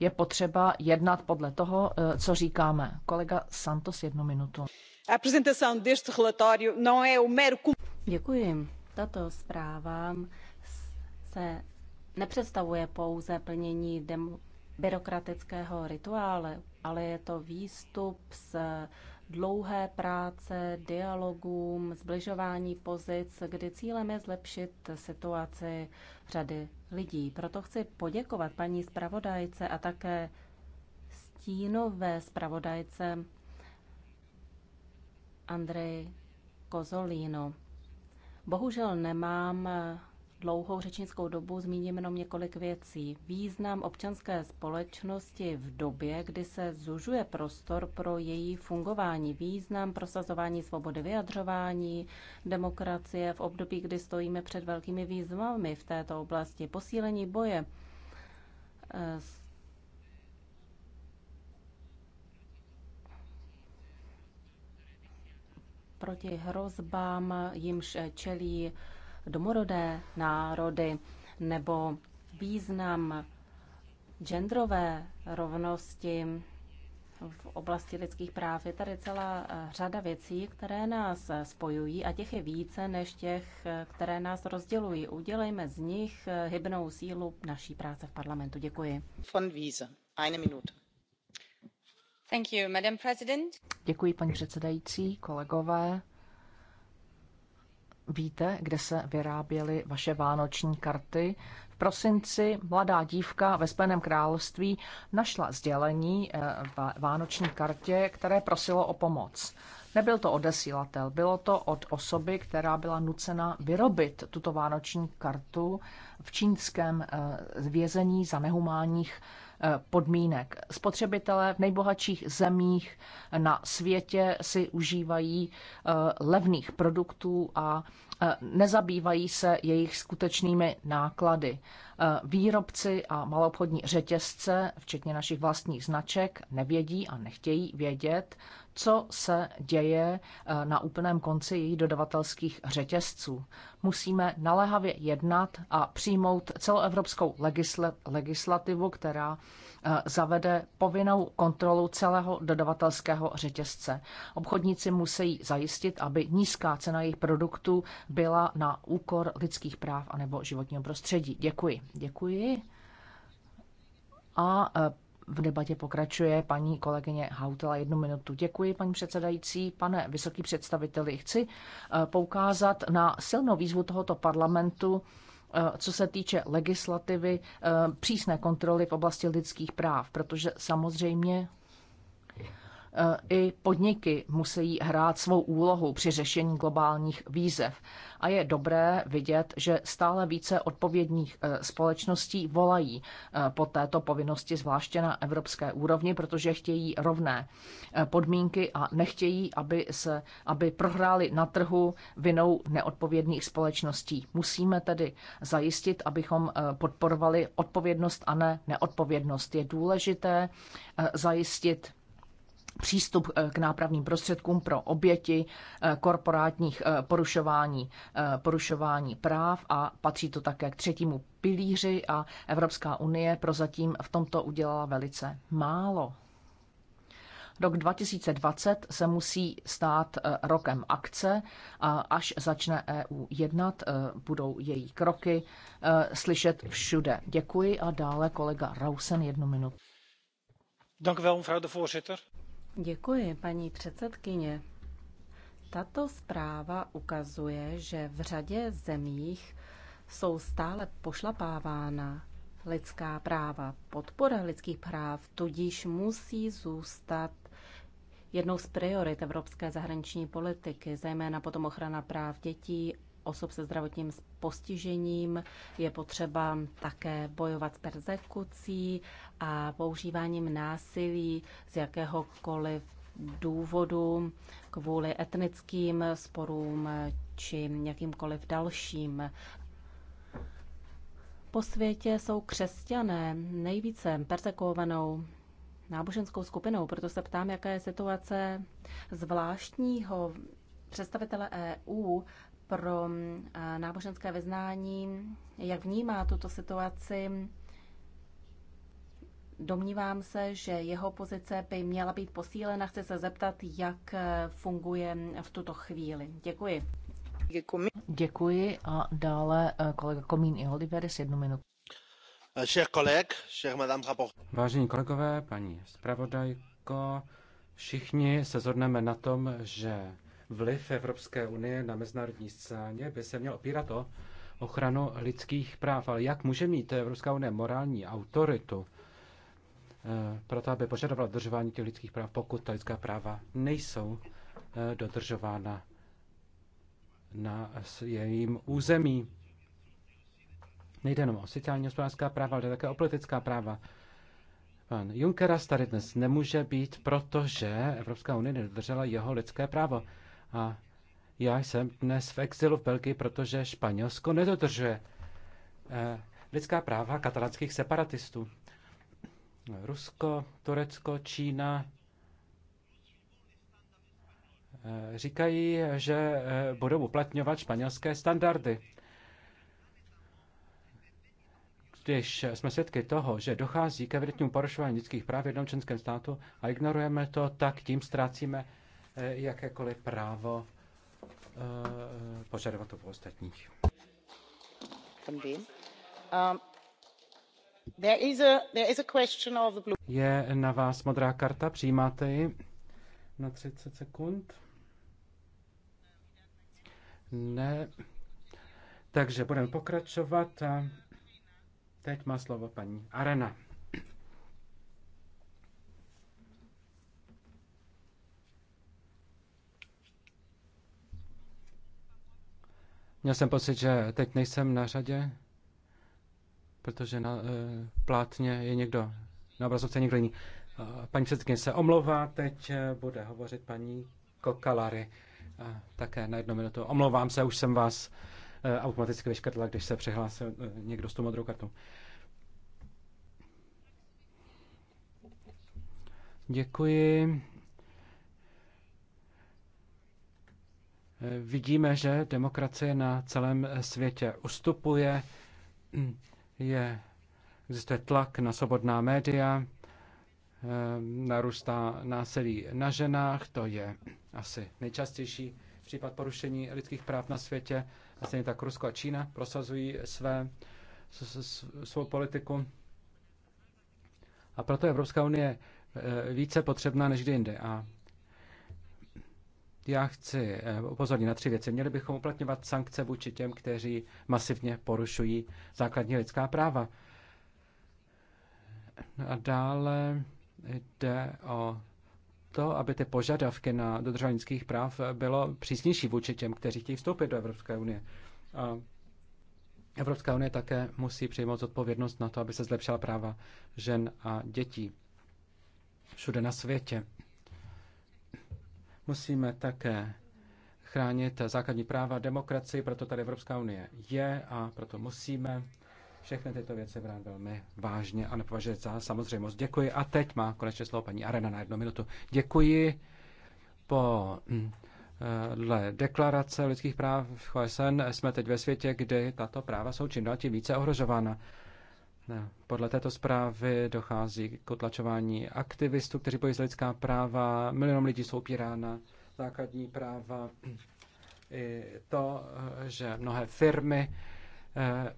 Je potřeba jednat podle toho, eh, co říkáme. Kolega Santos, jednu minutu. Děkuji. Tato zpráva se nepředstavuje pouze plnění dem- byrokratického rituále, ale je to výstup z dlouhé práce, dialogům, zbližování pozic, kdy cílem je zlepšit situaci řady lidí. Proto chci poděkovat paní zpravodajce a také stínové zpravodajce Andrej Kozolino. Bohužel nemám eh, dlouhou řečnickou dobu, zmíním jenom několik věcí. Význam občanské společnosti v době, kdy se zužuje prostor pro její fungování. Význam prosazování svobody vyjadřování, demokracie v období, kdy stojíme před velkými výzvami v této oblasti. Posílení boje eh, s proti hrozbám, jimž čelí domorodé národy, nebo význam genderové rovnosti v oblasti lidských práv. Je tady celá eh, řada věcí, které nás eh, spojují a těch je více než těch, eh, které nás rozdělují. Udělejme z nich hybnou sílu naší práce v parlamentu. Děkuji. Von Wiese, eine Minute. Děkuji, paní předsedající, kolegové. Víte, kde se vyráběly vaše vánoční karty? V prosinci mladá dívka ve Spojeném království našla sdělení eh, v vánoční kartě, které prosilo o pomoc. Nebyl to odesílatel, bylo to od osoby, která byla nucena vyrobit tuto vánoční kartu v čínském eh, vězení za nehumánních Eh, podmínek. Spotřebitelé v nejbohatších zemích na světě si užívají eh, levných produktů a eh, nezabývají se jejich skutečnými náklady. Výrobci a malobchodní řetězce, včetně našich vlastních značek, nevědí a nechtějí vědět, co se děje eh, na úplném konci jejich dodavatelských řetězců. Musíme naléhavě jednat a přijmout celoevropskou legislativu, která eh, zavede povinnou kontrolu celého dodavatelského řetězce. Obchodníci musí zajistit, aby nízká cena jejich produktů byla na úkor lidských práv anebo životního prostředí. Děkuji. Děkuji. A eh, v debatě pokračuje paní kolegyně Hautela jednu minutu. Děkuji, paní předsedající. Pane vysoký představiteli, chci eh, poukázat na silnou výzvu tohoto parlamentu eh, co se týče legislativy, eh, přísné kontroly v oblasti lidských práv, protože samozřejmě Eh, i podniky musí hrát svou úlohu při řešení globálních výzev. A je dobré vidět, že stále více odpovědních eh, společností volají eh, po této povinnosti, zvláště na evropské úrovni, protože chtějí rovné podmínky a nechtějí, aby, se, aby prohráli na trhu vinou neodpovědných společností. Musíme tedy zajistit, abychom podporovali odpovědnost a ne neodpovědnost. Je důležité zajistit přístup eh, k nápravným prostředkům pro oběti eh, korporátních eh, porušování, porušování práv a patří to také k třetímu pilíři a Evropská unie prozatím v tomto udělala velice málo. Rok 2020 se musí stát rokem akce a až začne EU jednat, budou její kroky slyšet všude. Děkuji a dále kolega Rausen jednu minutu. Dank wel, mevrouw de voorzitter. Děkuji, paní předsedkyně. Tato zpráva ukazuje, že v řadě zemích jsou stále pošlapávána lidská práva. Podpora lidských práv tudíž musí zůstat jednou z priorit evropské zahraniční politiky, zejména potom ochrana práv dětí, osob se zdravotním postižením. Je potřeba také bojovat s persekucí a používáním násilí z jakéhokoliv důvodu kvůli etnickým sporům či jakýmkoliv dalším. Po světě jsou křesťané nejvíce persekovanou náboženskou skupinou, proto se ptám, jaká je situace zvláštního představitele EU pro eh, náboženské vyznání, jak vnímá tuto situaci. Domnívám se, že jeho pozice by měla být posílena. Chci se zeptat, jak eh, funguje v tuto chvíli. Děkuji. Děkuji Děkuji. a dále eh, kolega Komín i Oliveris jednu minutu. Vážení kolegové, paní zpravodajko, všichni se zhodneme na tom, že vliv Evropské unie na mezinárodní scéně by se měl opírat o ochranu lidských práv. Ale jak může mít Evropská unie morální autoritu eh, to, aby požadovala dodržování těch lidských práv, pokud ta lidská práva nejsou eh, dodržována na jejím území. Nejde jenom o sociální hospodářská práva, ale také o politická práva. Pan Junkeras tady dnes nemůže být, protože Evropská unie nedodržela jeho lidské právo. A já jsem dnes v exilu v Belgii, protože Španělsko nedodržuje eh, lidská práva katalánských separatistů. Rusko, Turecko, Čína eh, říkají, že eh, budou uplatňovat španělské standardy. Když jsme svědky toho, že dochází k evidentnímu porušování lidských práv v jednom členském státu a ignorujeme to, tak tím ztrácíme Eh, jakékoliv právo eh, požadovat to po ostatních. Ähm, Je na vás modrá karta, přijímáte ji na 30 sekund. Ne. Takže budeme pokračovat. Teď má slovo paní Arena. Měl jsem pocit, že teď nejsem na řadě, protože na uh, plátně je někdo, na obrazovce někdo jiný. Uh, paní předsedkyně se omlouvá, teď eh, bude hovořit paní Kokalary. Uh, také na jednu minutu. Omlouvám se, už jsem vás uh, automaticky vyškrtla, když se přihlásil uh, někdo s tou modrou kartou. Děkuji. vidíme, že demokracie na celém světě ustupuje, je, existuje tlak na svobodná média, eh, narůstá násilí na ženách, to je asi nejčastější případ porušení lidských práv na světě. A stejně tak Rusko a Čína prosazují své, svou politiku. A proto Evropská unie eh, více potřebná než kdy jinde. A já chci eh, upozornit na tři věci. Měli bychom uplatňovat sankce vůči těm, kteří masivně porušují základní lidská práva. No a dále jde o to, aby ty požadavky na dodržování lidských práv bylo přísnější vůči těm, kteří chtějí vstoupit do Evropské unie. A Evropská unie také musí přijmout odpovědnost na to, aby se zlepšila práva žen a dětí všude na světě. Musíme také chránit základní práva, demokracii, proto tady Evropská unie je a proto musíme všechny tyto věci brát velmi vážně a nepovažovat za samozřejmost. Děkuji. A teď má konečně slovo paní Arena na jednu minutu. Děkuji po hm, dle deklarace lidských práv v OSN jsme teď ve světě, kdy tato práva jsou čím dál tím více ohrožována. Podle této zprávy dochází k otlačování aktivistů, kteří bojí za lidská práva. Milionům lidí jsou upírána základní práva. I to, že mnohé firmy eh,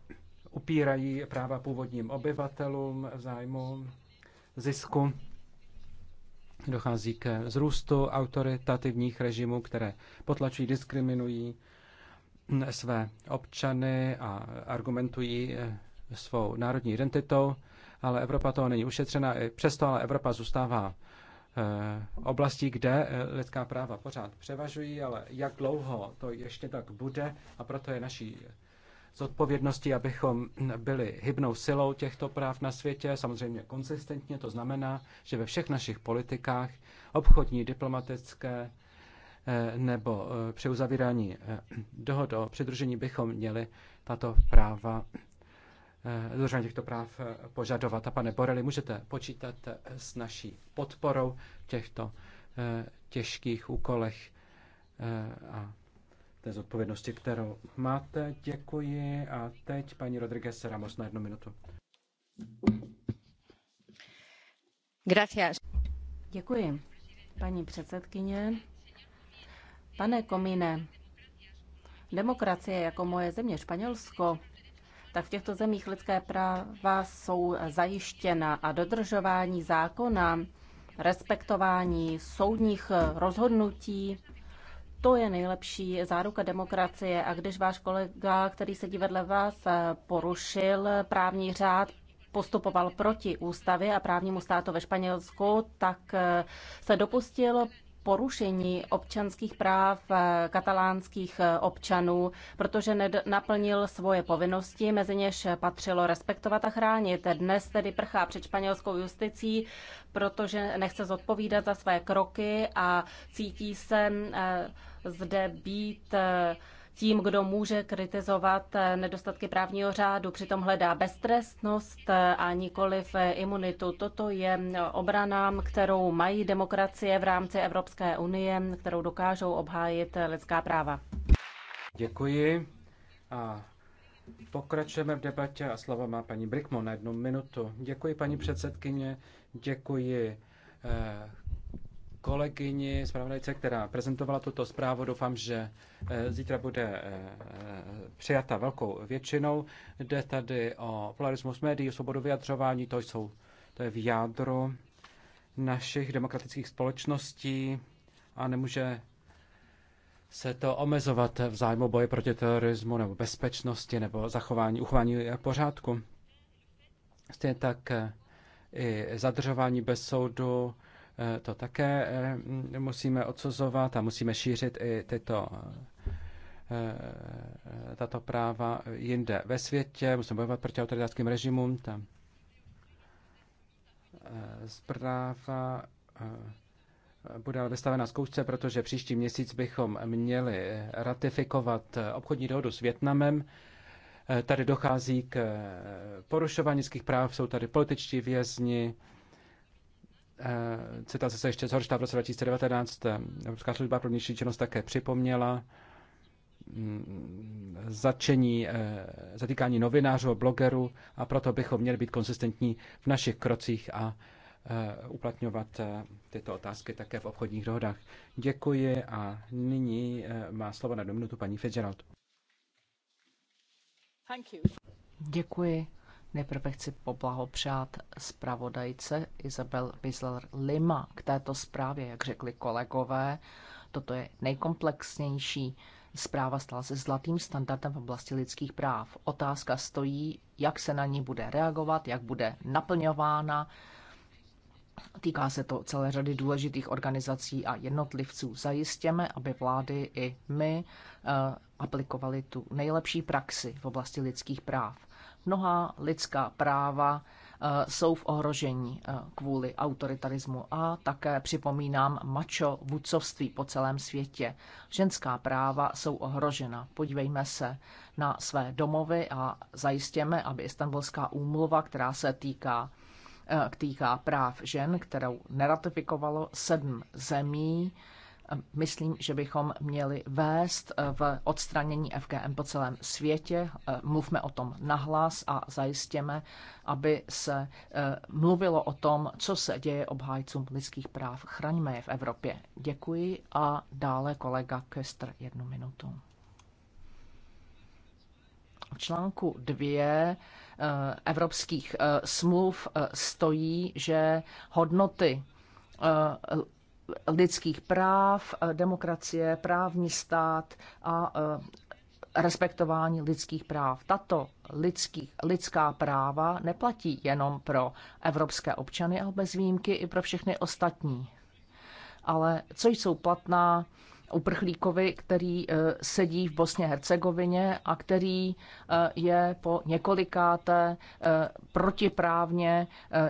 upírají práva původním obyvatelům v zájmu zisku. Dochází k zrůstu autoritativních režimů, které potlačují, diskriminují své občany a argumentují eh, svou národní identitou, ale Evropa toho není ušetřena. I přesto ale Evropa zůstává eh, oblastí, kde eh, lidská práva pořád převažují, ale jak dlouho to ještě tak bude a proto je naší zodpovědností, abychom byli hybnou silou těchto práv na světě, samozřejmě konsistentně, to znamená, že ve všech našich politikách, obchodní, diplomatické, eh, nebo při uzavírání dohod o přidružení bychom měli tato práva dodržování eh, těchto práv eh, požadovat. A pane Boreli, můžete počítat eh, s naší podporou v těchto těžkých úkolech a té zodpovědnosti, kterou máte. Děkuji. A teď paní Rodriguez Ramos na jednu minutu. Gracias. Děkuji, paní předsedkyně. Pane Komine. demokracie jako moje země Španělsko tak v těchto zemích lidské práva jsou zajištěna a dodržování zákona, respektování soudních rozhodnutí, to je nejlepší záruka demokracie. A když váš kolega, který sedí vedle vás, porušil právní řád, postupoval proti ústavě a právnímu státu ve Španělsku, tak se dopustil porušení občanských práv eh, katalánských eh, občanů, protože naplnil svoje povinnosti, mezi něž patřilo respektovat a chránit. Dnes tedy prchá před španělskou justicí, protože nechce zodpovídat za své kroky a cítí se eh, zde být tím, kdo může kritizovat eh, nedostatky právního řádu, přitom hledá beztrestnost eh, a nikoliv eh, imunitu. Toto je obrana, kterou mají demokracie v rámci Evropské unie, kterou dokážou obhájit lidská práva. Děkuji. A pokračujeme v debatě a slovo má paní Brickmo na jednu minutu. Děkuji, paní předsedkyně, děkuji kolegyni zpravodajce, která prezentovala tuto zprávu. Doufám, že eh, zítra bude eh, přijata velkou většinou. Jde tady o pluralismus médií, svobodu vyjadřování, to, jsou, to je v jádru našich demokratických společností a nemůže se to omezovat v zájmu boje proti terorismu nebo bezpečnosti nebo zachování, uchování pořádku. Stejně tak eh, i zadržování bez soudu, Eh, to také eh, musíme odsuzovat a musíme šířit i tyto eh, tato práva jinde ve světě, musíme bojovat proti autoritářským režimům, Ta zpráva bude vystavena zkoušce, protože příští měsíc bychom měli ratifikovat obchodní dohodu s Větnamem. Tady dochází k porušování lidských práv, jsou tady političtí vězni, Eh, citace se ještě zhoršila v roce 2019. Eh, Evropská služba pro vnější činnost také připomněla mm, začení, eh, zatýkání novinářů, blogerů a proto bychom měli být konsistentní v našich krocích a uplatňovat tyto otázky také v obchodních dohodách. Děkuji a nyní má slovo na dominutu paní Fitzgerald. Děkuji. Nejprve chci poblahopřát zpravodajce Isabel Wiesler Lima k této zprávě, jak řekli kolegové. Toto je nejkomplexnější Zpráva stala se zlatým standardem v oblasti lidských práv. Otázka stojí, jak se na ní bude reagovat, jak bude naplňována. Týká se to celé řady důležitých organizací a jednotlivců. Zajistěme, aby vlády i my eh, aplikovali tu nejlepší praxi v oblasti lidských práv mnoha lidská práva eh, jsou v ohrožení eh, kvůli autoritarismu a také připomínám mačo vůdcovství po celém světě. Ženská práva jsou ohrožena. Podívejme se na své domovy a zajistěme, aby Istanbulská úmluva, která se týká eh, týká práv žen, kterou neratifikovalo sedm zemí, myslím, že bychom měli vést eh, v odstranění FGM po celém světě. Eh, mluvme o tom nahlas a zajistěme, aby se eh, mluvilo o tom, co se děje obhájcům lidských práv. Chraňme je v Evropě. Děkuji a dále kolega Köster jednu minutu. V článku dvě evropských smluv stojí, že hodnoty lidských práv, eh, demokracie, právní stát a eh, respektování lidských práv. Tato lidský, lidská práva neplatí jenom pro evropské občany, ale bez výjimky i pro všechny ostatní. Ale co jsou platná uprchlíkovi, který eh, sedí v Bosně Hercegovině a který eh, je po několikáté eh, protiprávně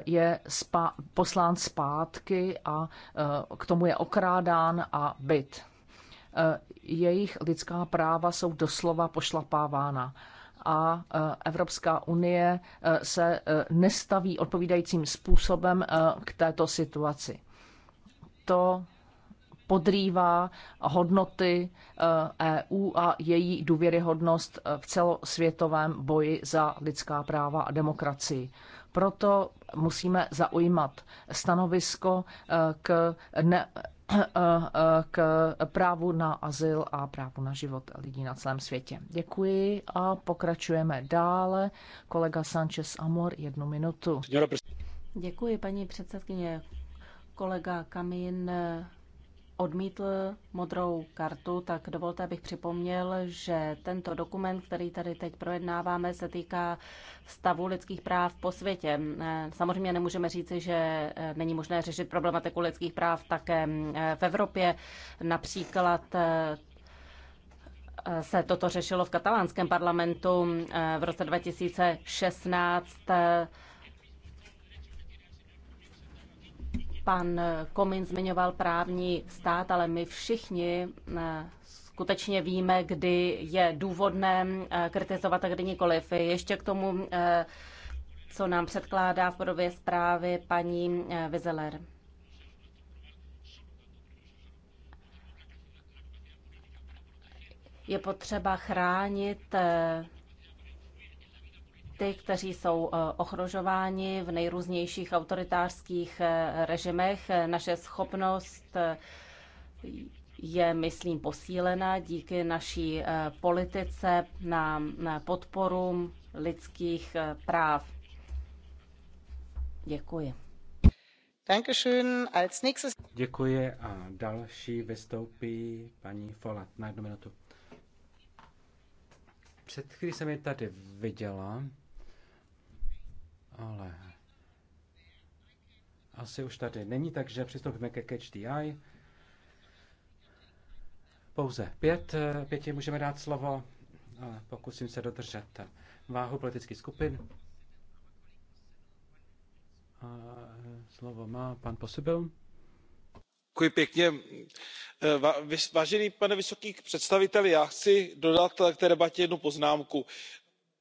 je spa- poslán zpátky a k tomu je okrádán a byt. Jejich lidská práva jsou doslova pošlapávána a Evropská unie se nestaví odpovídajícím způsobem k této situaci. To podrývá hodnoty EU eh, e a její důvěryhodnost eh, v celosvětovém boji za lidská práva a demokracii. Proto musíme zaujímat stanovisko eh, k, ne, k právu na azyl a právu na život lidí na celém světě. Děkuji a pokračujeme dále. Kolega Sanchez Amor, jednu minutu. Děkuji, paní předsedkyně. Kolega Kamin odmítl modrou kartu, tak dovolte, abych připomněl, že tento dokument, který tady teď projednáváme, se týká stavu lidských práv po světě. Samozřejmě nemůžeme říci, že není možné řešit problematiku lidských práv také v Evropě. Například eh, se toto řešilo v katalánském parlamentu eh, v roce 2016 Pan Komin zmiňoval právní stát, ale my všichni eh, skutečně víme, kdy je důvodné eh, kritizovat a kdy nikoliv. Ještě k tomu, eh, co nám předkládá v podobě zprávy paní Vizeler. Je potřeba chránit ty, kteří jsou eh, ohrožováni v nejrůznějších autoritářských eh, režimech. Naše schopnost eh, je, myslím, posílena díky naší politice na, podporu lidských práv. Děkuji. Děkuji a další vystoupí paní Folat na jednu minutu. Před chvílí jsem ji tady viděla ale asi už tady není, takže přistoupíme ke Catch the Eye. Pouze pět, pěti můžeme dát slovo, ale pokusím se dodržet váhu politických skupin. A slovo má pan Posibil. Děkuji pěkně. Eh, vážený pane vysoký představiteli, já chci dodat k té debatě jednu poznámku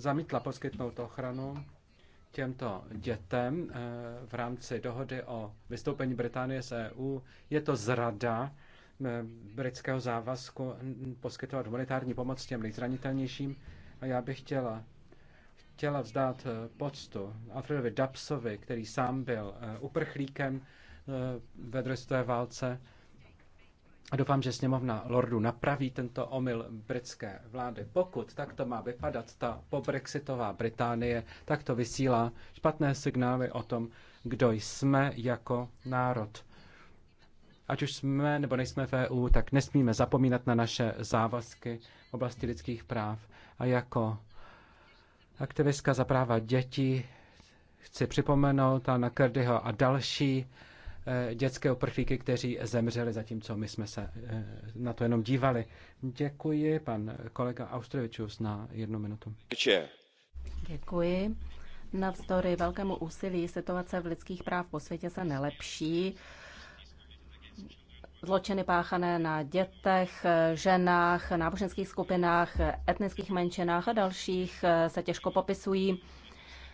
zamítla poskytnout ochranu těmto dětem eh, v rámci dohody o vystoupení Británie z EU. Je to zrada eh, britského závazku poskytovat humanitární pomoc těm nejzranitelnějším. A já bych chtěla, chtěla vzdát eh, poctu Alfredovi Dapsovi, který sám byl uprchlíkem ve druhé válce a doufám, že sněmovna Lordu napraví tento omyl britské vlády. Pokud tak to má vypadat, ta pobrexitová Británie, tak to vysílá špatné signály o tom, kdo jsme jako národ. Ať už jsme nebo nejsme v EU, tak nesmíme zapomínat na naše závazky v oblasti lidských práv. A jako aktivistka za práva dětí chci připomenout a na Kerdyho a další Eh, dětské oprchlíky, kteří zemřeli, zatímco my jsme se eh, na to jenom dívali. Děkuji, pan kolega Austrovičus, na jednu minutu. Děkuji. Navzdory velkému úsilí situace v lidských práv po světě se nelepší. Zločiny páchané na dětech, ženách, náboženských skupinách, etnických menšinách a dalších eh, se těžko popisují.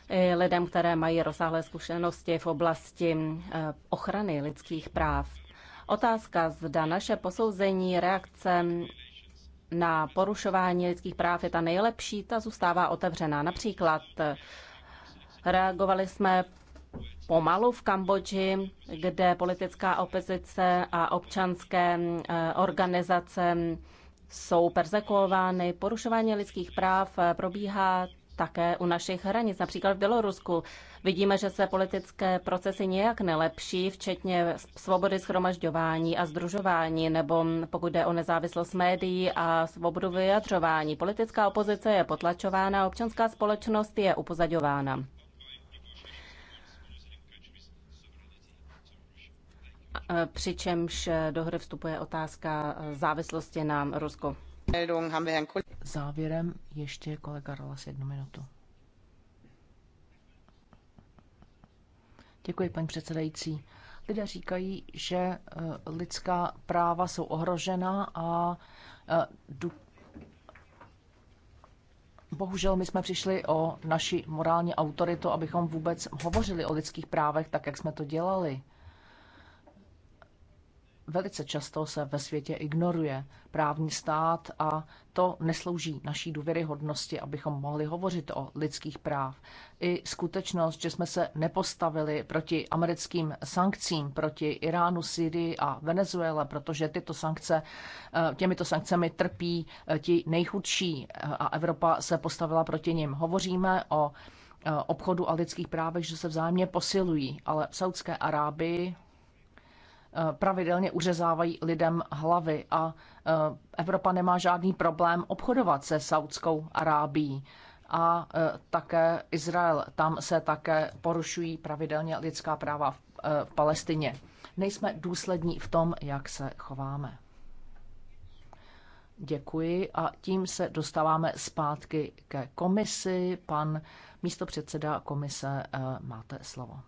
Eh, lidem, které mají rozsáhlé zkušenosti v oblasti eh, ochrany lidských práv. Otázka, zda naše posouzení reakce na porušování lidských práv je ta nejlepší, ta zůstává otevřená. Například eh, reagovali jsme pomalu v Kambodži, kde politická opozice a občanské organizace jsou persekuovány. Porušování lidských práv probíhá také u našich hranic, například v Bělorusku. Vidíme, že se politické procesy nějak nelepší, včetně svobody schromažďování a združování, nebo pokud jde o nezávislost médií a svobodu vyjadřování. Politická opozice je potlačována, občanská společnost je upozaďována. Přičemž do hry vstupuje otázka závislosti na Rusku. Závěrem ještě kolega Rolas jednu minutu. Děkuji, paní předsedající. Lidé říkají, že eh, lidská práva jsou ohrožena a eh, Bohužel my jsme přišli o naši morální autoritu, abychom vůbec hovořili o lidských právech tak, jak jsme to dělali velice často se ve světě ignoruje právní stát a to neslouží naší důvěryhodnosti, abychom mohli hovořit o lidských práv. I skutečnost, že jsme se nepostavili proti americkým sankcím, proti Iránu, Syrii a Venezuele, protože tyto sankce, eh, těmito sankcemi trpí eh, ti nejchudší eh, a Evropa se postavila proti nim. Hovoříme o obchodu a lidských právech, že se vzájemně posilují, ale v Saudské Arábii Eh, pravidelně uřezávají lidem hlavy a eh, Evropa nemá žádný problém obchodovat se Saudskou Arábií. A eh, také Izrael, tam se také porušují pravidelně lidská práva v Palestině. Nejsme důslední v tom, jak se chováme. Děkuji a tím se dostáváme zpátky ke komisi. Pan místopředseda komise, máte slovo.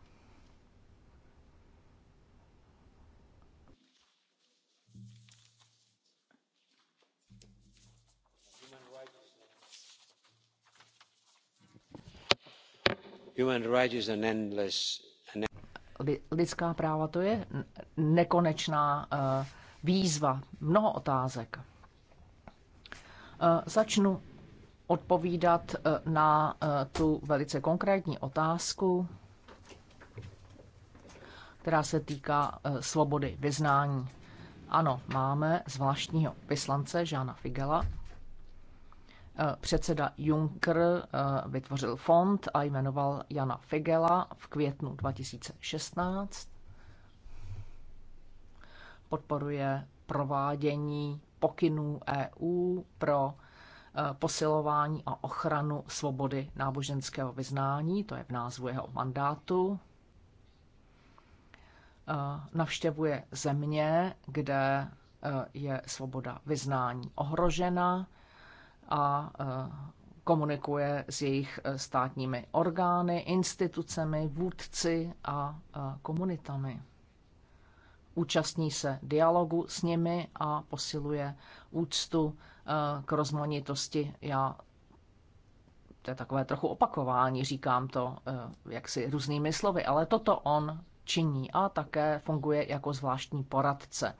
Lidská práva to je nekonečná eh, výzva, mnoho otázek. Eh, začnu odpovídat eh, na tu velice konkrétní otázku, která se týká svobody vyznání. Ano, máme zvláštního vyslance Žána Figela, Eh, předseda Juncker eh, vytvořil fond a jmenoval Jana Figela v květnu 2016. Podporuje provádění pokynů EU pro eh, posilování a ochranu svobody náboženského vyznání, to je v názvu jeho mandátu. Navštěvuje země, kde je svoboda vyznání ohrožena a eh, komunikuje s jejich eh, státními orgány, institucemi, vůdci a eh, komunitami. Účastní se dialogu s nimi a posiluje úctu k rozmanitosti. Já to je takové trochu opakování, říkám to jaksi různými slovy, ale toto on činí a také funguje jako zvláštní poradce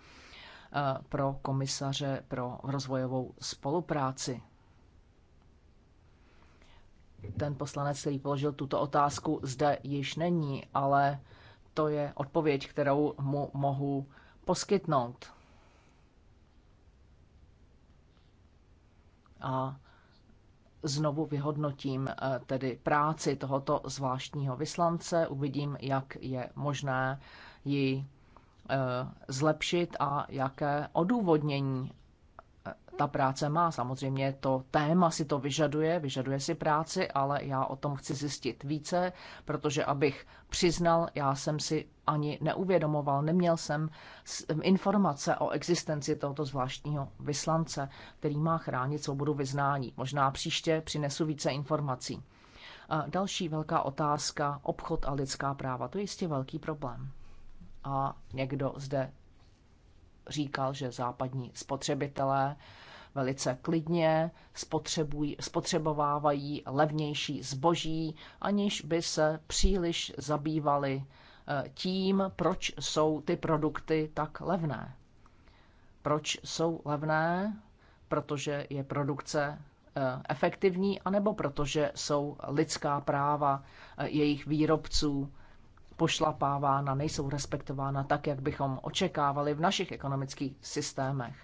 pro komisaře pro rozvojovou spolupráci ten poslanec, který položil tuto otázku, zde již není, ale to je odpověď, kterou mu mohu poskytnout. A znovu vyhodnotím eh, tedy práci tohoto zvláštního vyslance, uvidím, jak je možné ji eh, zlepšit a jaké odůvodnění ta práce má. Samozřejmě to téma si to vyžaduje, vyžaduje si práci, ale já o tom chci zjistit více, protože abych přiznal, já jsem si ani neuvědomoval, neměl jsem informace o existenci tohoto zvláštního vyslance, který má chránit svobodu vyznání. Možná příště přinesu více informací. A další velká otázka, obchod a lidská práva, to je jistě velký problém. A někdo zde říkal, že západní spotřebitelé velice klidně spotřebují, spotřebovávají levnější zboží, aniž by se příliš zabývali eh, tím, proč jsou ty produkty tak levné. Proč jsou levné? Protože je produkce eh, efektivní, anebo protože jsou lidská práva eh, jejich výrobců pošlapávána, nejsou respektována tak, jak bychom očekávali v našich ekonomických systémech.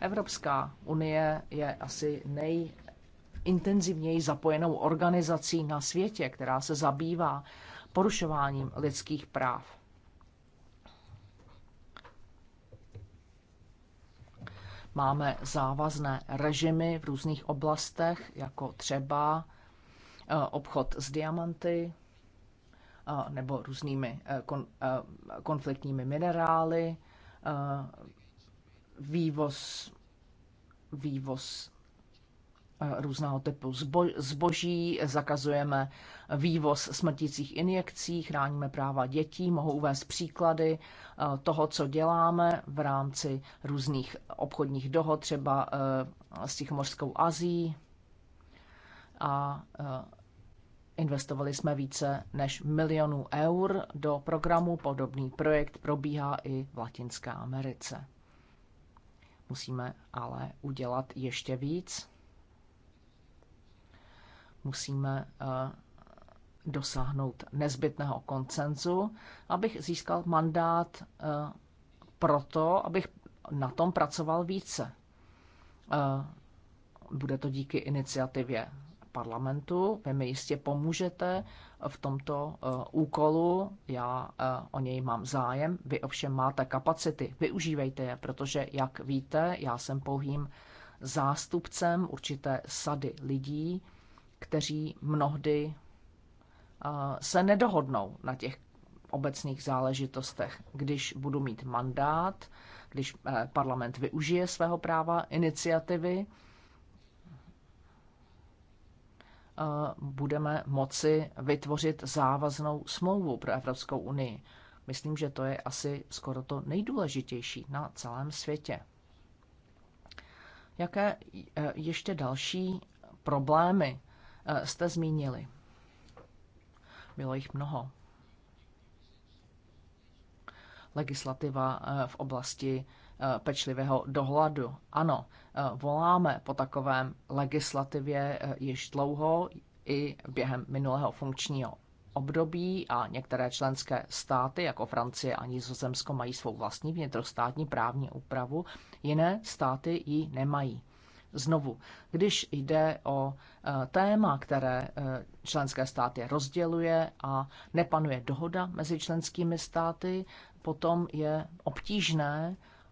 Evropská unie je asi nejintenzivněji zapojenou organizací na světě, která se zabývá porušováním lidských práv. Máme závazné režimy v různých oblastech, jako třeba eh, obchod s diamanty, nebo různými eh, eh, konfliktními minerály, eh, vývoz, vývoz různého typu zboží, zakazujeme vývoz smrtících injekcí, chráníme práva dětí, mohu uvést příklady toho, co děláme v rámci různých obchodních dohod, třeba s Tichomořskou Azí a Investovali jsme více než milionů eur do programu. Podobný projekt probíhá i v Latinské Americe. Musíme ale udělat ještě víc. Musíme eh, dosáhnout nezbytného koncenzu, abych získal mandát eh, proto, abych na tom pracoval více. Eh, bude to díky iniciativě parlamentu. Vy mi jistě pomůžete v tomto eh, úkolu, já eh, o něj mám zájem. Vy ovšem máte kapacity, využívejte je, protože, jak víte, já jsem pouhým zástupcem určité sady lidí, kteří mnohdy eh, se nedohodnou na těch obecných záležitostech. Když budu mít mandát, když parlament využije svého práva iniciativy, Eh, budeme moci vytvořit závaznou smlouvu pro Evropskou unii. Myslím, že to je asi skoro to nejdůležitější na celém světě. Jaké eh, ještě další problémy eh, jste zmínili? Bylo jich mnoho. Legislativa v oblasti Eh, pečlivého dohladu. Ano, eh, voláme po takovém legislativě eh, již dlouho i během minulého funkčního období a některé členské státy, jako Francie a Nizozemsko, mají svou vlastní vnitrostátní právní úpravu, jiné státy ji nemají. Znovu, když jde o téma, které členské státy rozděluje a nepanuje dohoda mezi členskými státy, potom je obtížné